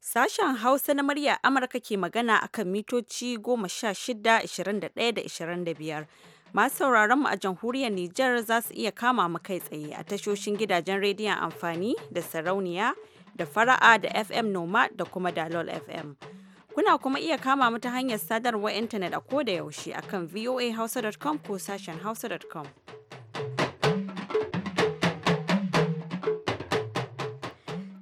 Sashen Hausa na murya Amurka ke magana a kan mitoci 16, 21 da 25. Masu sauraron mu a jamhuriyar Nijar za su iya kama mu kai tsaye a tashoshin gidajen rediyon amfani da sarauniya da fara'a da FM Noma da kuma Dalol FM. Kuna kuma iya kama mu ta hanyar sadarwar intanet a ko da yaushe a akan voahausa.com ko sashen hausa.com.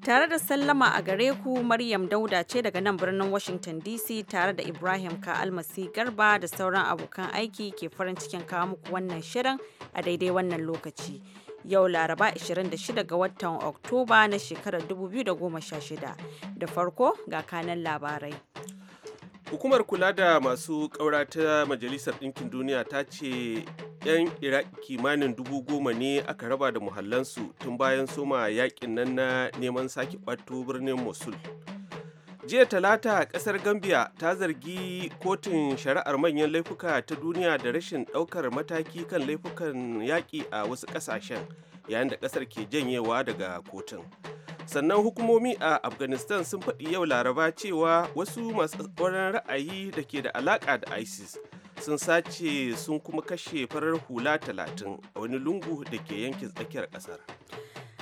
Tare da sallama a gare ku Maryam Dauda ce daga nan birnin Washington DC tare da Ibrahim Ka'almasi Garba da sauran abokan aiki ke farin cikin kawo muku wannan shirin a daidai wannan lokaci. yau laraba 26 ga watan oktoba na shekarar 2016 da farko ga kanan labarai hukumar kula da masu kaura ta majalisar ɗinkin duniya ta ce 'yan iraki kimanin dubu goma ne aka raba da muhallansu tun bayan soma yakin nan na neman sake ɓato birnin mosul jiya talata kasar gambia ta zargi kotun shari'ar manyan laifuka ta duniya da rashin daukar mataki kan laifukan yaƙi a wasu ƙasashen yayin da ƙasar ke janyewa daga kotun sannan hukumomi a afghanistan sun faɗi yau laraba cewa wasu masu tsoron ra'ayi da ke da alaƙa da isis sun sace sun kuma kashe farar hula talatin a wani lungu da ke yankin tsakiyar ƙasar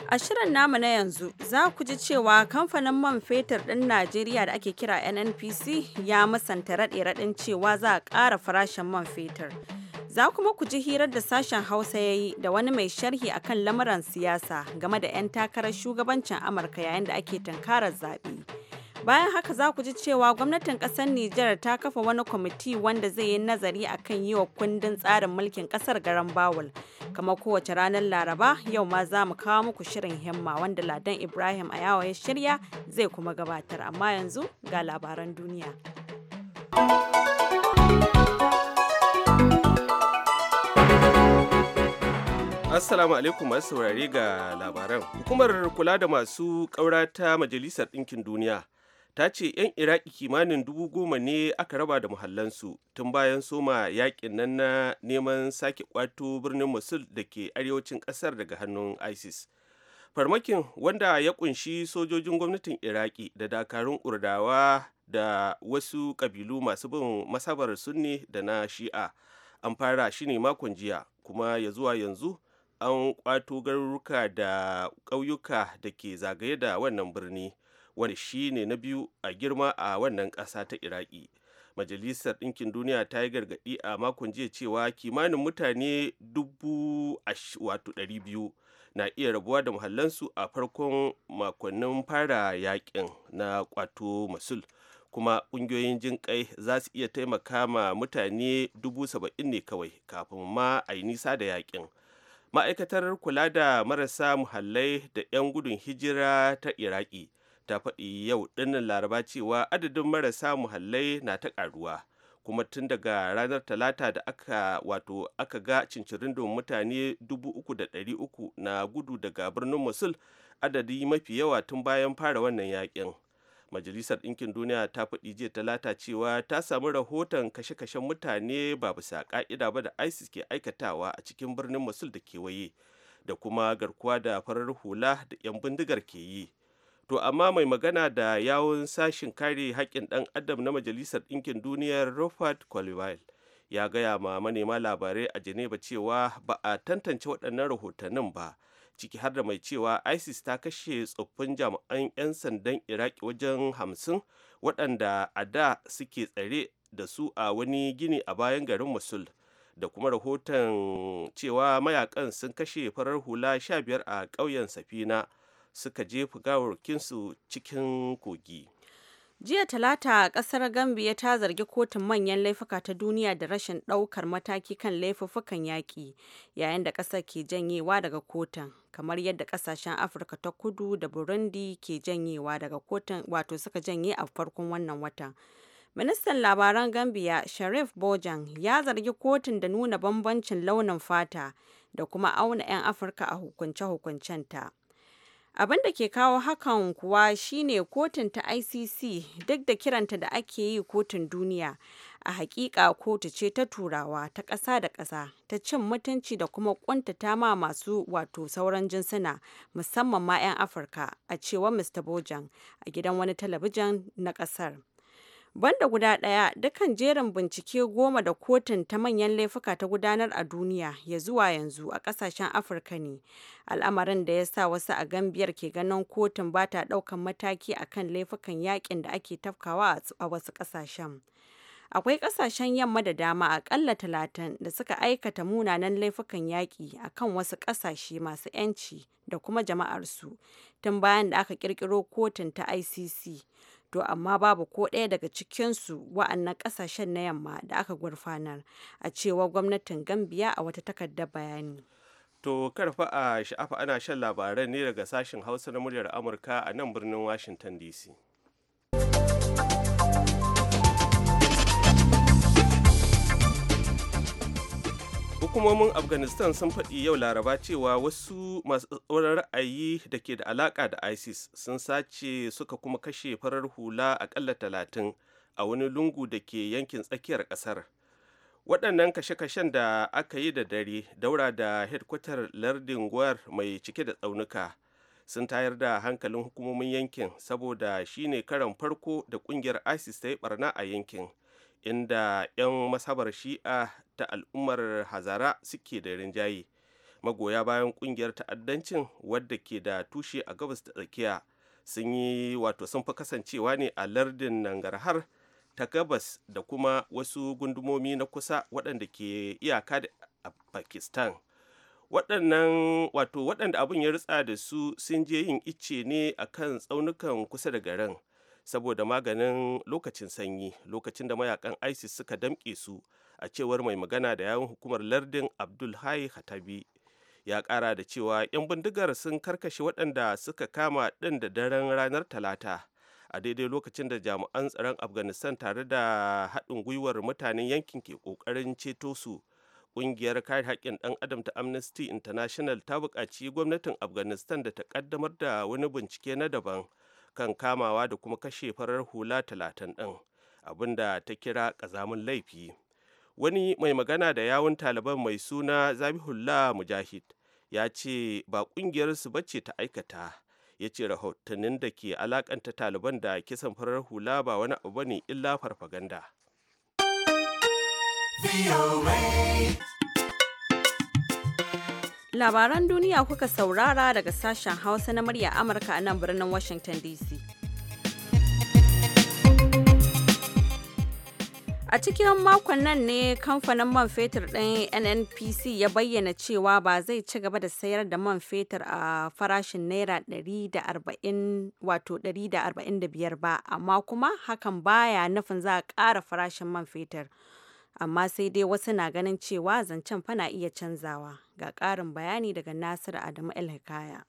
A shirin namu na yanzu za ku ji cewa kamfanin man fetur ɗin Najeriya da ake kira NNPC ya musanta raɗe-raɗin cewa za a ƙara farashin man fetur. Za kuma ku ji hirar da sashen Hausa ya yi da wani mai sharhi a kan lamuran siyasa game da 'yan takarar shugabancin Amurka yayin da ake tunkarar zaɓe. bayan haka za ku ji cewa gwamnatin kasar Nijar ta kafa wani kwamiti wanda zai yi nazari akan yi wa kundin tsarin mulkin kasar garan bawul kamar kowace ranar laraba yau ma za mu kawo muku shirin himma wanda ladan ibrahim a ayawa ya shirya zai kuma gabatar amma yanzu ga labaran duniya Assalamu alaikum masu saurare ga labaran. Hukumar kula da masu ƙaura ta Majalisar Ɗinkin Duniya ta ce 'yan iraki kimanin dubu goma ne aka raba da muhallansu tun bayan soma yakin nan na neman sake kwato birnin musul da ke arewacin kasar daga hannun isis farmakin wanda ya kunshi sojojin gwamnatin iraki da dakarun kurdawa da wasu kabilu masu bin masabar sunni da na shi'a an fara shi ne makon jiya kuma ya zuwa yanzu an kwato garuruka da ƙauyuka da ke zagaye da wannan birni wani shi ne na biyu a girma a wannan ƙasa ta iraki majalisar ɗinkin duniya ta yi gargaɗi a makon jiya cewa kimanin mutane dubu wato ɗari biyu na iya rabuwa da muhallansu a farkon makonnin fara yaƙin na kwato masul kuma ƙungiyoyin jin kai za su iya taimaka ma mutane dubu saba'in ne kawai kafin ma a yi nisa da yakin ma'aikatar kula da marasa muhallai da 'yan gudun hijira ta iraki ta faɗi yau ɗinnin laraba cewa adadin marasa muhallai na ta ƙaruwa kuma tun daga ranar talata da aka wato aka ga domin mutane 3,300 na gudu daga birnin musul adadi mafi yawa tun bayan fara wannan yakin majalisar ɗinkin duniya ta faɗi jiya talata cewa ta samu rahoton kashe-kashen mutane ba bisa ƙa'ida ba da isis ke aikatawa a cikin birnin musul da kewaye da kuma garkuwa da farar hula da 'yan bindigar ke yi to amma mai magana da yawon sashin kare haƙƙin ɗan adam na majalisar ɗinkin duniyar robert colville ya gaya ma manema labarai a geneva cewa ba a tantance waɗannan rahotannin ba ciki har da mai cewa isis ta kashe tsoffin jami'an 'yan sandan iraki wajen hamsin waɗanda a da suke tsare da su a wani gini a bayan garin musul da kuma rahoton cewa mayakan sun kashe farar hula 15 a ƙauyen safina suka jefa gawarkinsu cikin kogi jiya talata kasar gambia ta zargi kotun manyan laifuka ta duniya da rashin daukar mataki kan laifuffukan yaƙi yayin da ƙasar ke janyewa daga kotun kamar yadda ƙasashen afirka ta kudu da burundi ke janyewa daga kotun wato suka janye a farkon wannan watan ministan labaran gambia sharif bojan ya zargi kotun da nuna bambancin launin fata da kuma auna 'yan afirka a hukunce-hukuncenta abin da ke kawo hakan kuwa shine kotun ta icc duk da kiranta da ake yi kotun duniya a hakika kotu ce ta turawa ta ƙasa da ƙasa ta cin mutunci da kuma ƙuntata ma masu wato sauran jinsuna musamman ma 'yan afirka a cewa mr bojan a gidan wani talabijin na ƙasar Banda guda ɗaya, dukkan jerin bincike goma da kotun ta manyan laifuka ta gudanar a duniya ya zuwa yanzu a kasashen Afirka ne, al'amarin da ya sa wasu a Gambiyar ke ganin kotun ba ta ɗaukan mataki akan laifukan yaƙin da ake tafkawa a wasu ƙasashen. Akwai ƙasashen yamma da dama aƙalla talatin da suka aikata munanan laifukan yaƙi a kan wasu ƙasashe masu 'yanci da kuma jama'arsu tun bayan da aka ƙirƙiro kotun ta ICC. to amma babu ko ɗaya daga cikinsu wa'annan ƙasashen na yamma da aka gurfanar a cewa gwamnatin gambia a wata takarda bayani to karfa a sha'afa ana shan labaran ne daga sashen hausa na muryar amurka a nan birnin washington dc hukumomin afghanistan sun faɗi yau laraba cewa wasu masu tsoron ra'ayi da ke da alaƙa da isis sun sace suka kuma kashe farar hula aƙalla talatin a wani lungu da ke yankin tsakiyar ƙasar waɗannan kashe-kashen da aka yi da dare daura da hedkwatar lardin gwar mai cike da tsaunuka sun tayar da hankalin hukumomin yankin saboda shine karan farko da ƙungiyar isis ta yi barna a yankin inda 'yan masabar shi'a ta al'ummar hazara suke da rinjaye magoya bayan kungiyar ta'addancin wadda ke da tushe a gabas ta tsakiya sun yi wato sun fi kasancewa ne a lardin nangarhar ta gabas da kuma wasu gundumomi na kusa waɗanda ke iyaka da pakistan waɗannan wato waɗanda abin ya ritsa da su sun je yin icce ne a kan tsaunukan kusa da garin saboda maganin lokacin sanyi lokacin da mayakan isis suka damƙe su a cewar mai magana da yawun hukumar lardin abdul hai hatabi ya kara da cewa 'yan bindigar sun karkashe waɗanda suka kama ɗin da daren ranar talata a daidai lokacin da jami'an tsaron afghanistan tare da haɗin gwiwar mutanen yankin ke ƙoƙarin ceto su ƙungiyar kare haƙƙin ɗan adam ta amnesty international ta buƙaci gwamnatin afghanistan da ta ƙaddamar da wani bincike na daban kan kamawa da kuma kashe farar hula talatin ɗin abinda ta kira ƙazamin laifi wani mai magana da yawun taliban mai suna zabihullah mujahid ya ce ba kungiyarsu ce ta aikata ya ce rahotannin da ke alakanta taliban da kisan farar hula ba wani abu ne illa farfaganda labaran duniya kuka saurara daga sashen hausa na murya amurka a nan birnin washington dc A cikin makon nan ne kamfanin man fetur ɗin NNPC ya bayyana cewa ba zai ci gaba da sayar da man fetur a farashin Naira 145 ba, amma kuma hakan baya nufin za a ƙara farashin man fetur. Amma sai dai wasu na ganin cewa zancen fana iya canzawa. Ga ƙarin bayani daga Nasiru Adamu El Hikaya.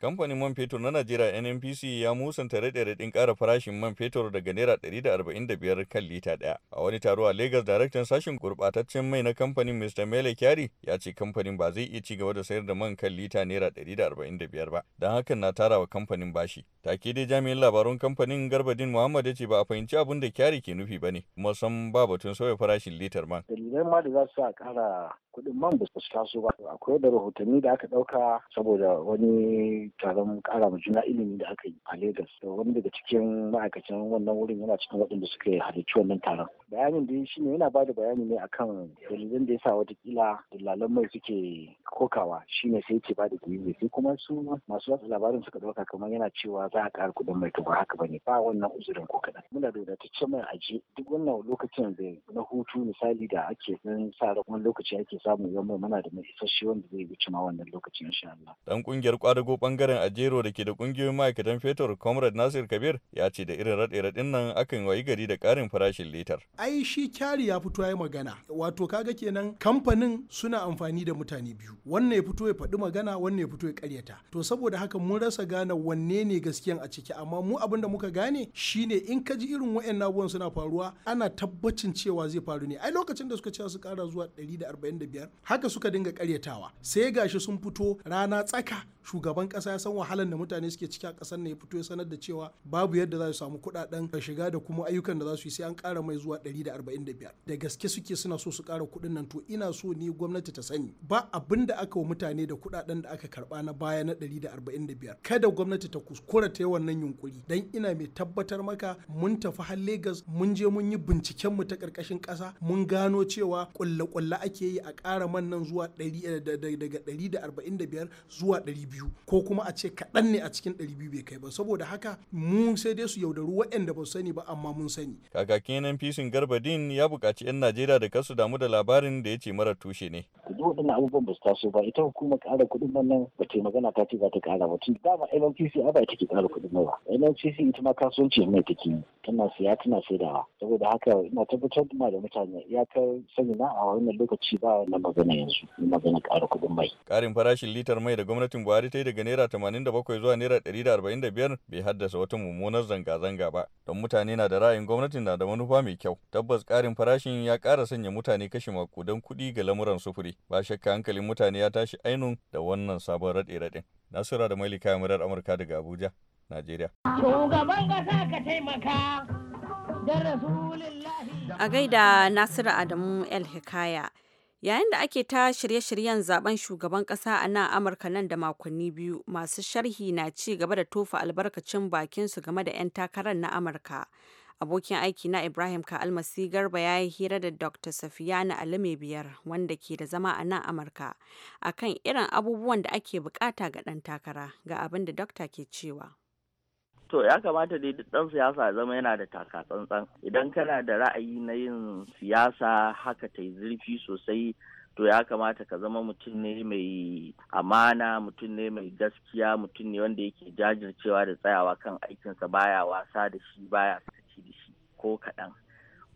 Kamfanin man fetur na Najeriya NNPC ya musanta raɗe-raɗin ƙara farashin man fetur daga Naira ɗari da da arba'in biyar kan lita ɗaya. A wani taro a Lagos, daraktan sashen gurɓataccen mai na kamfanin Mr. Mele Kyari ya ce kamfanin ba zai iya ci gaba da sayar da man kan lita Naira ɗari da arba'in 145 ba, don hakan na tara wa kamfanin bashi. Take dai jami'in labarun kamfanin Garbadin Muhammad ya ce ba a fahimci abin da Kyari ke nufi ba ne, kuma san ba batun sauya farashin litar man. Dalilai ma da za su sa ƙara kuɗin man ba su taso ba. Akwai da rahotanni da aka ɗauka saboda wani taron kara mu juna ilimi da aka yi a Legas. Wani daga cikin ma'aikacin wannan wurin yana cikin waɗanda suka halarci wannan taron. Bayanin da shi ne yana ba da bayani ne akan dalilin da ya sa watakila dalilan mai suke kokawa shine sai ce ba da dalilai sai kuma su masu watsa labarin suka dauka kamar yana cewa za a ƙara kuɗin mai to ba haka bane ba wannan uzurin ko kaɗan. Muna da wadataccen mai aji duk wannan lokacin da na hutu misali da ake ɗan sa da lokaci ake samu yamma muna da mai isasshe wanda zai wuce ma wannan lokacin insha Allah. Dan kungiyar kwadago bangaren bangaren Ajero da ke da kungiyoyin ma'aikatan fetur Comrade Nasir Kabir ya ce da irin raɗe-raɗin nan akan wayi gari da karin farashin litar. Ai shi kyari ya fito ya magana. Wato kaga kenan kamfanin suna amfani da mutane biyu. Wannan ya fito ya faɗi magana, wannan ya fito ya karyata To saboda haka mun rasa gane wanne ne gaskiyan a ciki amma mu abin da muka gane shine in ka ji irin wa'annan abubuwan suna faruwa ana tabbacin cewa zai faru ne. Ai lokacin da suka ce su ƙara zuwa 145 haka suka dinga karyatawa Sai gashi sun fito rana tsaka shugaban kasa ya san wahalar da mutane suke ciki a kasar ne ya fito ya sanar da cewa babu yadda za su samu kudaden shiga da kuma ayyukan da za su yi sai an kara mai zuwa 145 da gaske suke suna so su kara kuɗin nan to ina so ni gwamnati ta sani ba abin da aka wa mutane da kudaden da aka karba na baya na 145 kada gwamnati ta kuskura ta yi wannan yunkuri dan ina mai tabbatar maka mun tafi har legas mun je mun yi binciken mu ta karkashin kasa mun gano cewa kulle-kulle ake yi a kara man nan zuwa eh, daga 145 zuwa 100 biyu ko kuma a ce kaɗan ne a cikin ɗari biyu bai kai ba saboda haka mu sai dai su yaudaru waɗanda ba sani ba amma mun sani. kakakin garba Garbadin ya buƙaci 'yan Najeriya da kasu damu da labarin da ya ce mara tushe ne. duk waɗannan abubuwan ba su taso ba ita hukumar ƙara kuɗin nan nan ba ta magana ta ce za ta ƙara ba tun dama NPC a ba ke ƙara kuɗin nan ba NPC ita ma kasuwanci mai take yi tana siya tana saidawa saboda haka ina tabbatar da da mutane iyakar sani na a wannan lokaci ba wannan magana yanzu magana ƙara kuɗin mai. karin farashin litar mai da gwamnatin Buhari Buhari ta yi daga Naira 87 zuwa Naira 145 bai haddasa wata mummunar zanga-zanga ba, don mutane na da ra'ayin gwamnatin na da manufa mai kyau. Tabbas ƙarin farashin ya ƙara sanya mutane kashe makudan kuɗi ga lamuran sufuri, ba shakka hankalin mutane ya tashi ainun da wannan sabon raɗe-raɗen. Nasura da Malika Murar Amurka daga Abuja, Najeriya. Shugaban ƙasa ka taimaka A gaida Nasiru Adamu El Hikaya. Yayin da ake ta shirye-shiryen zaben shugaban kasa a nan Amurka nan da makonni biyu, masu sharhi na ci gaba da tofa albarkacin su game da 'yan takarar na Amurka. Abokin aiki na Ibrahim Ka'almasi Garba ya yi hira da Dr. Safiyana Alime biyar wanda ke da zama a nan Amurka akan irin abubuwan da ake bukata ga ɗan takara ga abin da Dokta ke cewa. To ya kamata dai duk ɗan siyasa ya zama yana da taka tsantsan. Idan kana da ra'ayi na yin siyasa haka ta yi zurfi sosai to ya kamata ka zama mutum ne mai amana mutum ne mai gaskiya mutum ne wanda yake jajircewa da tsayawa kan aikinsa baya wasa da shi baya sakaci da shi ko kaɗan.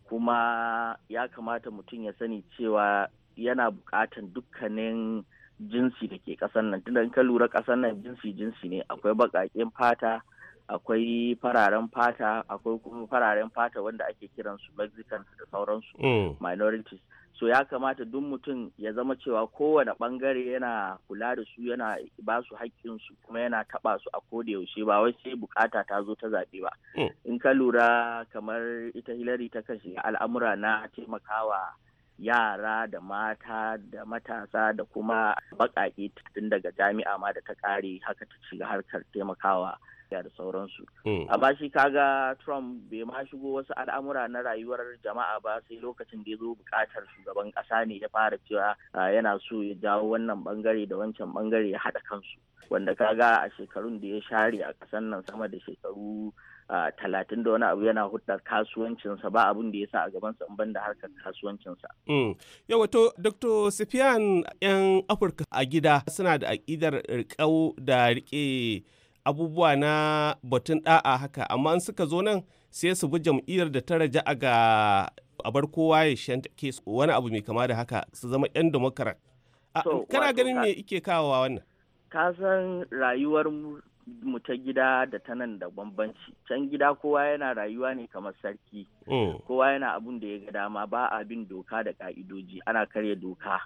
Kuma ya kamata mutum ya sani cewa yana buƙatan dukkanin jinsi da ke ƙasar nan tunda in ka lura ƙasar nan jinsi jinsi ne akwai baƙaƙen fata akwai fararen fata akwai kuma fararen fata wanda ake kiransu mexican da sauransu mm. minorities so ya kamata duk mutum ya zama cewa kowane bangare yana kula da su yana ba su haƙƙinsu kuma yana taɓa su a koda yaushe ba wai sai bukata ta zo ta zaɓe ba mm. in ka lura kamar ita Hillary ta kashe al'amura na taimakawa yara da mata da matasa da kuma baƙaƙe tun daga jami'a ma da ta ƙare haka ta shiga harkar taimakawa da sauransu. Hmm. Amma shi kaga Trump bai ma shigo wasu al'amura na rayuwar jama'a ba sai lokacin da ya zo bukatar shugaban ƙasa ne ya fara cewa ah, yana so ya jawo wannan bangare da wancan bangare ya haɗa kansu. Wanda kaga a shekarun da ya share a ƙasar nan sama da shekaru ah, talatin da wani abu yana hudar kasuwancinsa ba abin da ya sa a gabansa in da harkar kasuwancinsa. Hmm. Yau wato Dr. Sifiyan 'yan Afirka a gida suna da aƙidar riƙau da riƙe abubuwa na batun ɗa'a haka amma in suka zo nan sai su bi jam'iyyar da ta raja ga a kowa ya shantake wani abu mai kama da haka su zama 'yan demokrat kana ganin me ike kawowa wannan ka san rayuwar mu ta gida da ta nan da bambanci can gida kowa yana rayuwa ne kamar sarki mm. kowa yana abun da ya ga dama ba abin doka da ka'idoji ana karya doka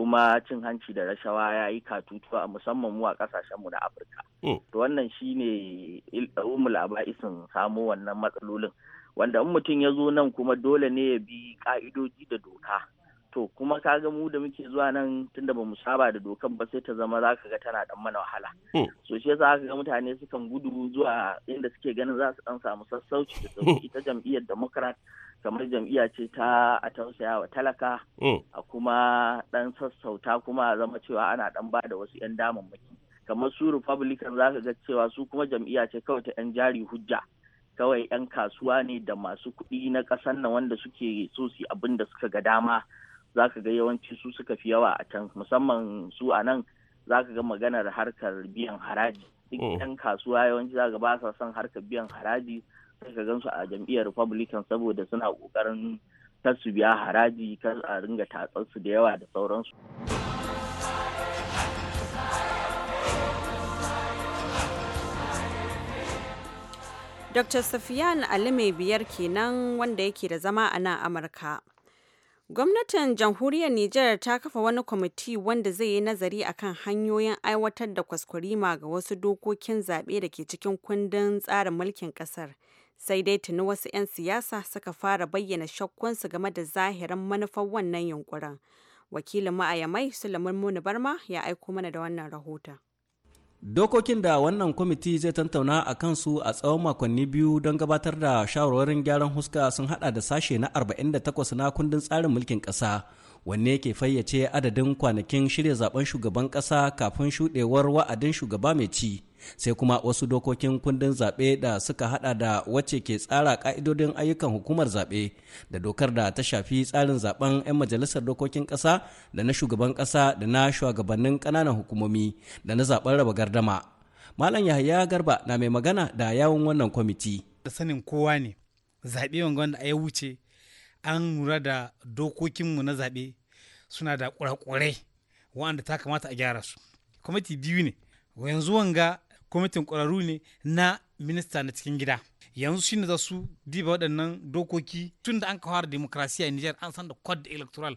kuma cin hanci da rashawa ya yi katutuwa musamman mu a kasashenmu na afirka mm. to wannan shine umul aba'isin samo wannan matsalolin wanda in mutum ya zo nan kuma dole ne ya bi ka'idoji da doka to kuma kaga mu da muke zuwa nan tunda ba mu saba da dokan ba sai ta zama za ka ga tana dan mana wahala hmm. so shi yasa aka ga mutane sukan gudu zuwa inda suke ganin za su dan samu sassauci da sauki ita jam'iyyar democrat kamar jam'iyya ce ta a tausayawa talaka hmm. a kuma dan sassauta kuma a zama cewa ana dan ba da wasu 'yan damammaki kamar su republican za ka ga cewa su kuma jam'iyya ce kawai ta 'yan jari hujja kawai 'yan kasuwa ne da masu kuɗi na ƙasar nan wanda suke so su abin da suka ga dama za ka ga yawanci su suka fi yawa a can musamman su a nan za ka ga maganar harkar biyan haraji duk oh. yan kasuwa yawanci za ka ba sa son harkar biyan haraji sai ka gansu a jam'iyyar republican saboda suna kokarin kar su biya haraji kar a ringa tatsar su da yawa da sauransu Dr. Safiyan Alime biyar kenan wanda yake da zama a nan Amurka. Gwamnatin jamhuriyar Nijar ta kafa wani kwamiti wanda zai yi nazari akan hanyoyin aiwatar da kwaskwarima ga wasu dokokin zaɓe da ke cikin kundin tsarin mulkin ƙasar. Sai dai tuni wasu 'yan siyasa suka fara bayyana shakkunsu game da zahirin manufar wannan yunkurin. Wakilin ma'ayamai Sulaiman Muni Barma ya aiko mana da wannan rahoton. Dokokin da wannan kwamiti zai tantauna a kansu a tsawon makonni biyu don gabatar da shawarwarin gyaran huska sun hada da sashe na 48 na kundin tsarin mulkin ƙasa wanne ke fayyace adadin kwanakin shirya zaben shugaban kasa kafin shudewar wa'adin shugaba mai ci sai kuma wasu dokokin kundin zaɓe da suka hada da wacce ke tsara ka'idodin ayyukan hukumar zaɓe da dokar da ta shafi tsarin zaben 'yan majalisar dokokin ƙasa da na shugaban ƙasa da na shugabannin ƙananan hukumomi da na zaben raba gardama malam yahaya garba na mai magana da yawon wannan kwamiti da sanin kowa ne zaɓe wanda ya wuce an lura da dokokinmu na zaɓe suna da kurakurai wanda ta kamata a gyara su kwamiti biyu ne yanzu wanga kwamitin ƙwararru ne na minista na cikin gida yanzu shine za su diba waɗannan dokoki tun da an kawar demokrasiya a Nijar an san da code electoral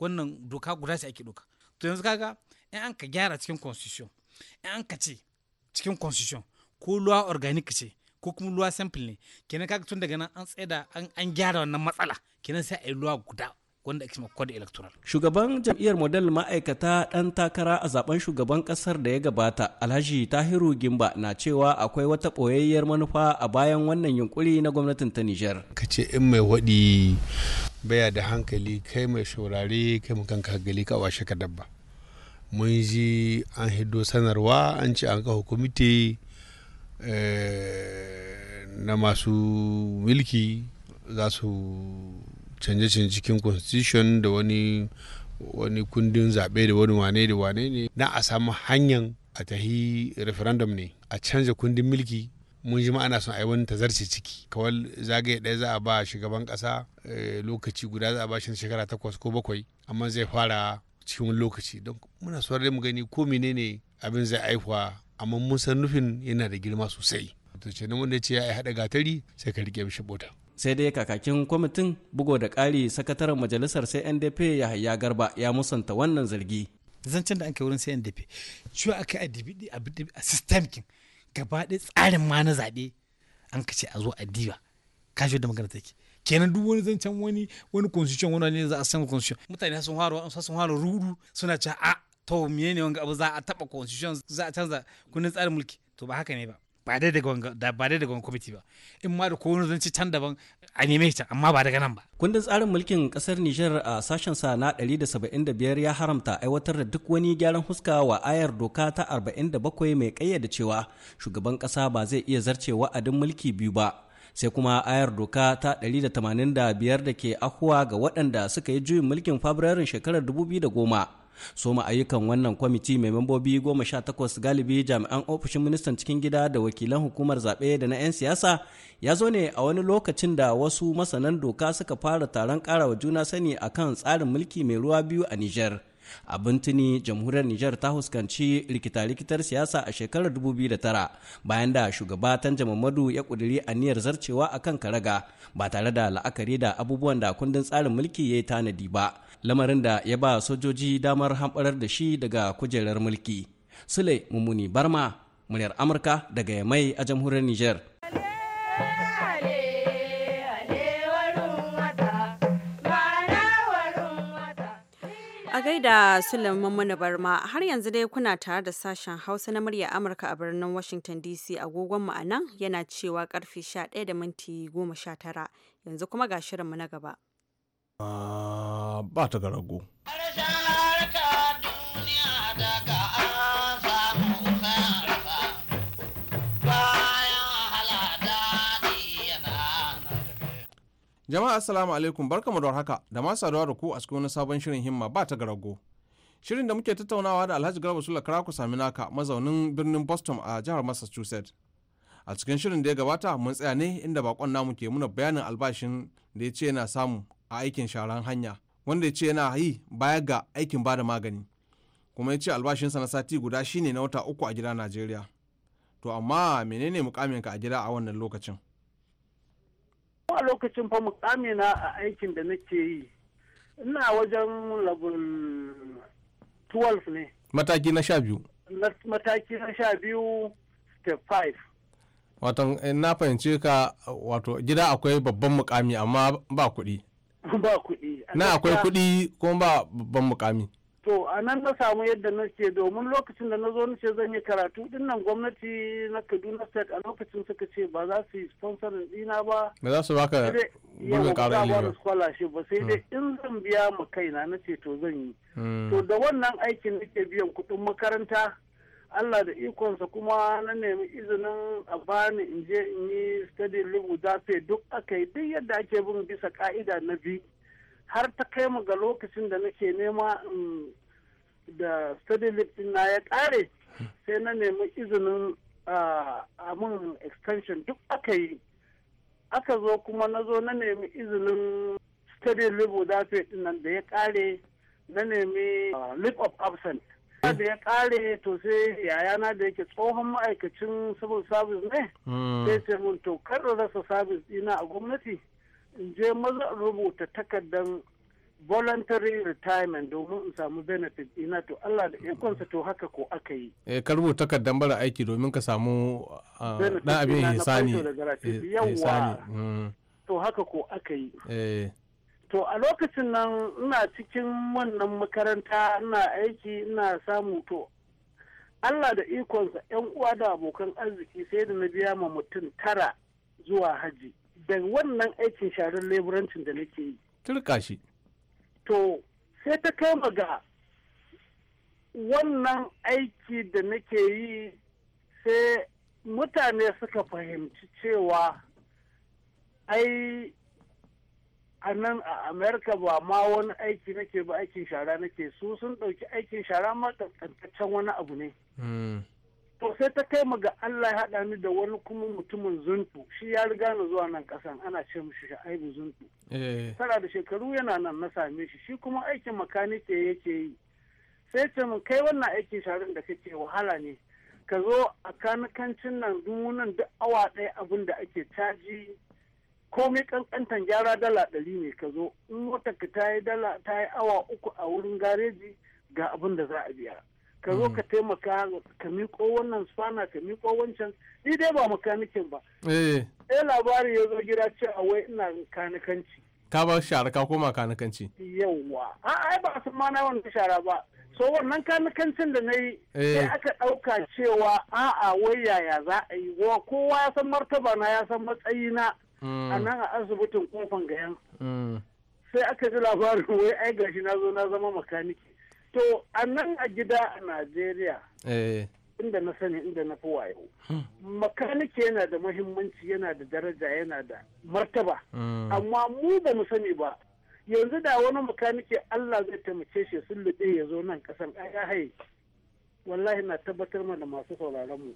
wannan doka guda ce ake doka to yanzu kaga in an ka gyara cikin constitution in an ka ce cikin constitution ko luwa organic ce ko kuma luwa simple ne kenan kaga tun daga nan an da an gyara wannan matsala kinan sai a yi luwa guda wanda ake cewa kwada electoral shugaban jam'iyyar model ma'aikata dan takara a zaben shugaban kasar da ya gabata alhaji tahiru gimba na cewa akwai wata boyayyar manufa a bayan wannan yunkuri na gwamnatin ta nijar ka ce in mai waɗi baya da hankali kai mai saurare kai mu kanka hankali ka washe ka dabba mun ji an hiddo sanarwa an ce an kawo kwamiti eh, na masu mulki za su canje-canje cikin constitution da wani wani kundin zaɓe da wani wane da wane ne na a samu hanyar a tahi referendum ne a canza kundin mulki mun ji ana son a yi wani tazarci ciki kawai zagaye ɗaya za a ba shugaban ƙasa eh, lokaci guda za a ba shi shekara takwas ko bakwai amma zai fara cikin lokaci don muna so mu gani ko ne abin zai aihuwa amma mun san nufin yana da girma sosai to ce nan wanda ce ya haɗa gatari sai ka riƙe mishi bota sai dai kakakin kwamitin bugo da ƙari sakataren majalisar sai ndp haya garba ya musanta wannan zargi zancen da an kai wurin sai ndp cewa kai a dibidi a system kin gaba ɗaya tsarin ma na zaɓe an ka ce a zo a diba shi da magana take kenan duk wani zancen wani wani constitution wani ne za a san constitution mutane sun haro sun haro ruru suna cewa a ah, to menene wanga abu za a taba constitution za a canza kunin tsarin mulki to ba haka ne ba ba dai daga wani kwamiti ba in ma da kowane ci can daban a neme can amma ba daga nan ba kundin tsarin mulkin kasar Nijar a sashen sa na 175 ya haramta aiwatar da duk wani gyaran huska wa ayar doka ta 47 mai kayyade cewa shugaban kasa ba zai iya zarce wa'adin mulki biyu ba sai kuma ayar doka ta 185 da ke ahuwa ga waɗanda suka yi juyin mulkin fabrairun shekarar 2010 soma ayyukan wannan kwamiti mai membobi goma sha takwas galibi jami'an ofishin ministan cikin gida da wakilan hukumar zaɓe da na 'yan siyasa ya zo ne a wani lokacin da wasu masanan doka suka fara taron ƙarawa juna sani akan tsarin mulki mai ruwa biyu a nijar abin tuni jamhuriyar nijar ta huskanci rikita-rikitar siyasa a shekarar 2009 bayan da shugaba tanja mamadu ya a aniyar zarcewa akan karaga ba tare da la'akari da abubuwan da kundin tsarin mulki ya yi tanadi ba lamarin da ya ba sojoji damar hamɓarar da shi daga kujerar mulki sule mummuni barma muryar amurka daga mai a jamhuriyar niger a gaida sulaiman Mana Barma har yanzu dai kuna tare da sashen Hausa na murya Amurka a birnin Washington DC agogon mu a nan yana cewa karfe 11 da minti 19 yanzu kuma ga shirinmu na gaba. Ah, ba ta ga rago. Jama'a Assalamu alaikum barkamu da haka da ma saduwa da ku a cikin wani sabon shirin himma ba ta garago. Shirin da muke tattaunawa da Alhaji Garba Sula sami naka mazaunin birnin Boston a jihar Massachusetts. A cikin shirin da ya gabata mun tsaya ne inda bakon namu ke muna bayanin albashin da ya ce yana samu a aikin sharan hanya wanda ya ce yana yi baya ga aikin bada magani kuma ya ce albashinsa na sati guda shine na wata uku a gida najeriya to amma menene mukaminka a gida a wannan lokacin a lokacin fa mukamina a aikin da nake yi ina wajen labin 12 ne mataki na sha biyu mataki na sha biyu step 5 wato eh, na fahimce ka wato gida akwai babban mukami amma ba kuɗi ba kuɗi na akwai kuɗi kuma ba babban mukami to a nan na samu yadda na ce domin lokacin da na zo ce zan yi karatu nan gwamnati na kaduna state a lokacin suka ce ba za su yi sponsor dina ba ba za su baka gudun karin ilimi ba scholarship ba sai hmm. dai in zan biya ma kaina na ce to zan yi hmm. to da wannan aikin nake biyan kuɗin makaranta Allah da ikonsa kuma na nemi izinin a bani in je in yi study leave dafe duk aka yi duk yadda ake bin bisa ka'ida na bi har ta kai mu ga lokacin da nake nema um, da study leave na ya kare sai na nemi izinin a mun extension duk aka yi aka zo kuma na zo na nemi izinin study leave dafe nan da ya kare na nemi leap of absence da ya kare to sai na da yake tsohon ma'aikacin civil service ne hmm. sai ce mun to kar rasa service dina a gwamnati in je maza rubuta takardar voluntary retirement domin in samu benefit ina to Allah da ikonsa to haka ko aka yi. Eh ka rubuta takardar bara aiki domin ka samu dan ah, abin hisani. Eh, yawa hmm. To haka ko aka yi. Eh. to a lokacin nan ina cikin wannan makaranta ina aiki ina samu to allah da ikonsa yan uwa da abokan arziki sai da na biya ma mutum tara zuwa haji da wannan aikin sharar leburancin da nake yi turka shi to sai ta kai ga wannan aiki da nake yi sai mutane suka fahimci cewa ai a nan a amerika ba ma wani aiki nake ba aikin shara nake su sun ɗauki aikin shara ma ƙanƙantaccen wani abu ne hmm. to sai ta kai ga allah ya haɗa ni da wani kuma mutumin zuntu shi ya riga na zuwa nan ƙasan ana ce mishi sha'ibu zuntu eh. tara da shekaru yana nan na same shi shi kuma aikin makanike yake yi sai ce mun kai wannan aikin sharan da kake wahala ne ka zo a kanikancin nan dunan duk awa ɗaya abin da ake caji komai kankantan gyara dala ɗari ne ka zo in motarka ta yi dala ta yi awa uku a wurin gareji ga abin da za a biya ka zo ka mm. taimaka ka miƙo wannan spana ka miƙo wancan ni dai ba makanikin ba eh labari ya zo gida a wai ina kanikanci ka ba shara ka koma kanikanci yawwa a ai ba su mana wannan shara ba so wannan kanikancin da na yi eh. sai aka ɗauka cewa a'a wai yaya za a yi wa kowa ya san martaba na ya san matsayi na a nan a asibitin kofan gayan mm. sai aka ji labarin wai ai gashi na zo na zama makaniki to a nan a gida a najeriya eh. inda na sani inda na fi wayo hmm. makaniki yana da mahimmanci yana da daraja yana da martaba mm. amma mu ba mu sani ba yanzu da wani makaniki allah zai taimake shi sun ya zo nan kasan ya hai wallahi na tabbatar mana masu sauraron mu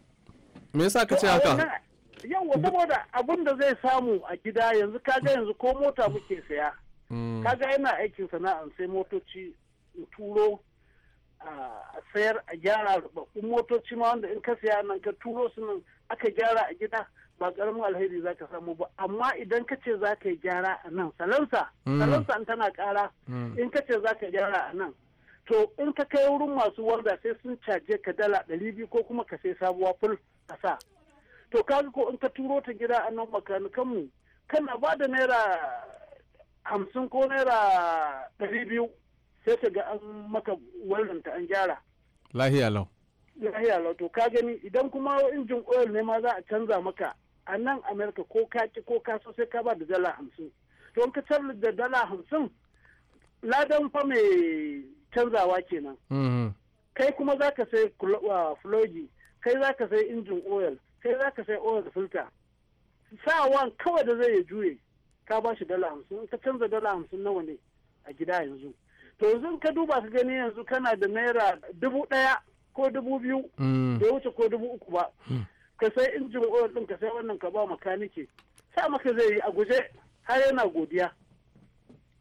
me yasa ka ce haka Yau saboda abin da zai samu a gida yanzu kaga yanzu ko mota muke saya. Mm. Kaga yana aikin sana'an sai motoci turo a sayar a gyara rubakun motoci ma wanda in ka saya nan ka turo su nan aka gyara a gida ba karamin alheri za ka samu ba amma idan ka ce za ka yi gyara a nan salansa mm. salansa in tana kara mm. in ka ce za ka gyara a nan to in ka kai wurin masu wanda sai sun caje ka dala ɗari biyu ko kuma ka sai sabuwa ful a sa to kaga ko in ka turo ta gida a nan makanikan mu kana ba da naira hamsin ko naira ɗari biyu sai ka ga an maka wallanta an gyara lahiya lau lahiya lau to ka gani idan kuma injin oil ne ma za a canza maka a nan amerika ko ka ki ko ka sai ka ba da dala hamsin to in ka canza da dala hamsin ladan fa mai canzawa kenan mm-hmm. kai kuma za ka sai fulogi kai za ka sai injin oil sai za ka sai oil da filta sawan kawai da zai ya juye ka ba shi dala hamsin ka canza dala hamsin nawa ne a gida yanzu to yanzu ka duba ka gani yanzu kana da naira dubu ɗaya ko dubu biyu da mm. wuce ko dubu uku ba mm. ka sai injin oil ɗin ka sai wannan ka ba makanike sa maka zai yi a guje har yana godiya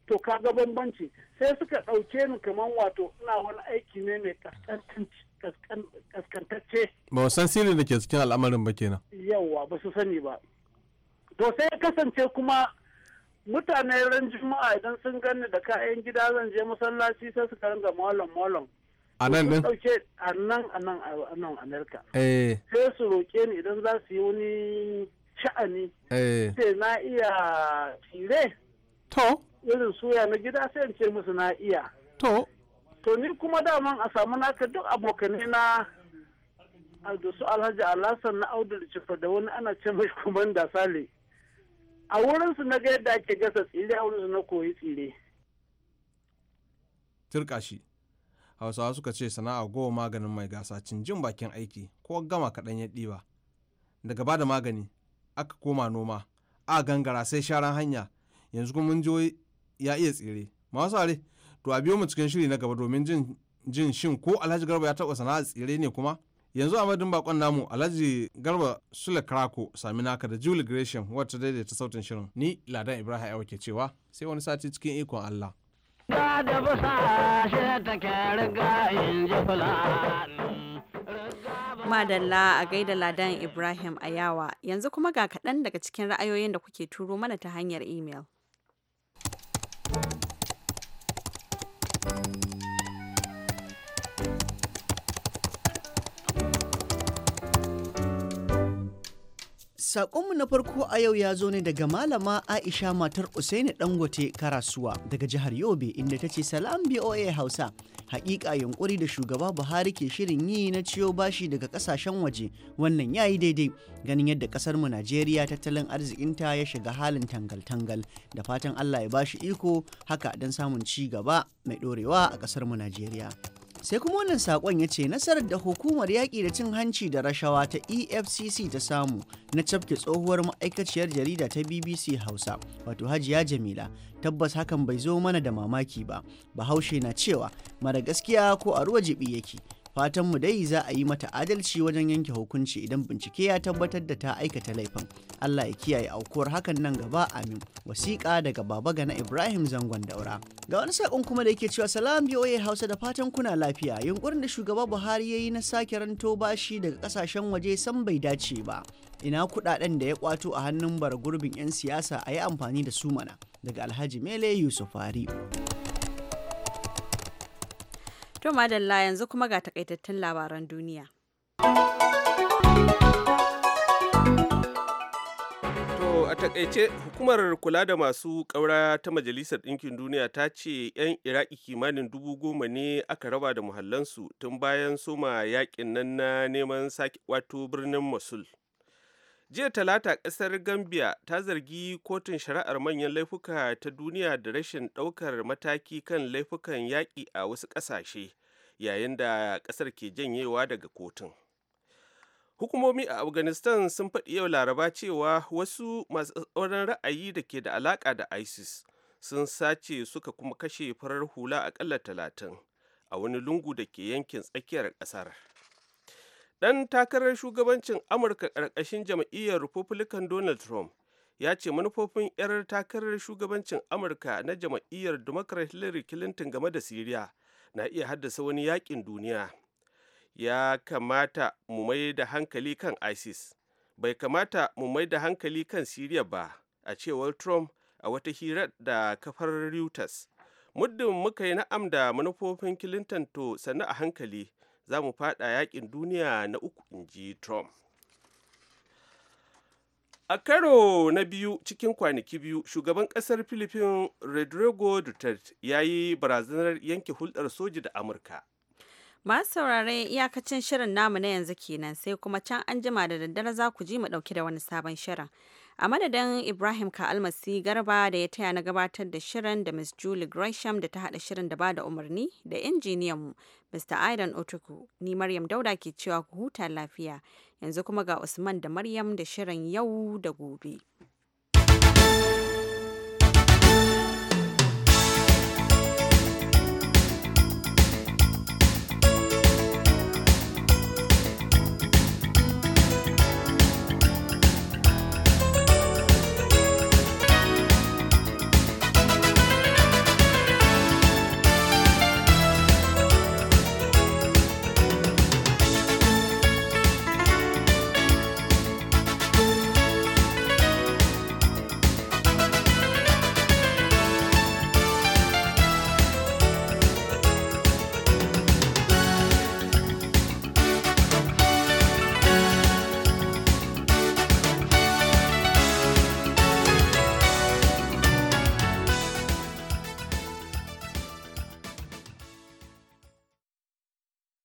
to kaga bambanci sai suka ɗauke ni kamar wato ina wani aiki ne mai kaskantacce ba san sirri da ke cikin al'amarin ba kenan yawwa ba su sani ba to sai ya kasance kuma mutane ran juma'a idan sun gani da kayan gida zan je masallaci sai suka ringa molon molon. a nan din a nan a nan a nan amerika eh. sai su roke ni idan za su yi wani sha'ani eh. sai na iya tire to irin suya na gida sai in ce musu na iya to to ni kuma daman a samu naka duk abokanai na da su alhaji alhassan na audu da cifa da wani ana ce kuman da sale a wurinsu na ga yadda ake gasa tsire a wurinsu na koyi tsire turka shi hausawa suka ce sana'a goma maganin mai gasa cin jin bakin aiki ko gama kaɗan ya ɗiba daga ba da magani aka koma noma a gangara sai sharan hanya yanzu kuma mun ya iya tsire masu are to a biyo mu cikin shiri na gaba domin jin jin shin ko alhaji garba ya taɓa sana'a tsire ne kuma yanzu a madadin bakon namu alhaji garba sule krako sami naka da julie gresham wacce daidaita sautin shirin ni ladan ibrahim yawa ke cewa sai wani sati cikin ikon allah madalla a gaida ladan ibrahim a yawa yanzu kuma ga kaɗan daga cikin ra'ayoyin da kuke turo mana ta hanyar imel. Sakonmu na farko a yau ya zo ne daga malama Aisha matar Usaini Dangote Karasuwa daga jihar Yobe inda ta ce salam BOA Hausa. Hakika yunkuri da shugaba Buhari ke shirin yi na ciyo bashi daga kasashen waje wannan yayi daidai ganin yadda kasar mu Najeriya tattalin arzikinta ya shiga halin tangal-tangal da fatan Allah ya bashi iko haka don samun ci gaba mai ɗorewa a kasar mu Najeriya. sai kuma wannan sakon ya ce nasarar da hukumar yaƙi da cin hanci da rashawa ta efcc ta samu na cafke tsohuwar ma'aikaciyar jarida ta bbc hausa wato hajiya jamila tabbas hakan bai zo mana da mamaki ba bahaushe na cewa mara gaskiya ko a ruwa jibi yake fatan mu dai za a yi mata adalci wajen yanke hukunci idan bincike ya tabbatar da ta aikata laifin allah ya kiyaye aukuwar hakan nan gaba amin wasiƙa daga baba gana ibrahim zangon daura ga wani saƙon kuma da yake cewa salam boa hausa da fatan kuna lafiya yunkurin da shugaba buhari ya yi na sake ranto bashi daga ƙasashen waje san bai dace ba ina kuɗaɗen da ya kwato a hannun bar gurbin 'yan siyasa a yi amfani da su mana daga alhaji mele yusuf yusufari To madalla yanzu kuma ga takaitattun labaran duniya. To a takaice hukumar kula da masu ƙaura ta Majalisar Ɗinkin Duniya ta ce 'yan Iraki kimanin dubu goma ne aka raba da muhallansu tun bayan soma yakin nan na neman sake wato birnin Mosul. jiya talata kasar gambia ta zargi kotun shari'ar manyan laifuka ta duniya da rashin ɗaukar mataki kan laifukan yaƙi a wasu ƙasashe yayin da ƙasar ke janyewa daga kotun hukumomi a afghanistan sun faɗi yau laraba cewa wasu masu tsauran ra'ayi da ke da alaƙa da isis sun sace suka kuma kashe farar hula aƙalla talatin a wani lungu da ke yankin tsakiyar ƙasar Ɗan takarar shugabancin Amurka ƙarƙashin jam'iyyar Republican Donald Trump ya ce manufofin 'yar takarar shugabancin Amurka na jam'iyyar Democrat Hillary Clinton game da Siriya na iya haddasa wani yaƙin duniya. Ya kamata mu mai da hankali kan ISIS. Bai kamata mu mai da hankali kan Siriya ba, a cewar Trump a wata hira da kafar Reuters. Muddin muka yi na'am da manufofin Clinton to sannu a hankali. za mu fada yakin duniya na uku in ji trump a karo na biyu cikin kwanaki biyu shugaban kasar filifin rodrigo duterte ya yi barazanar yanke hulɗar soji da amurka masu saurare iyakacin shirin namu na yanzu kenan sai kuma can an jima da daddare za ku ji mu ɗauki da wani sabon shirin A madadin Ibrahim Ka'almasi Garba da ya taya na gabatar da shirin da Miss Julie Gresham da ta haɗa shirin da ba da umarni da injiniyan Mr. Aidan Otuku, ni Maryam Dauda ke cewa ku huta lafiya. Yanzu kuma ga Usman da Maryam da shirin yau da gobe.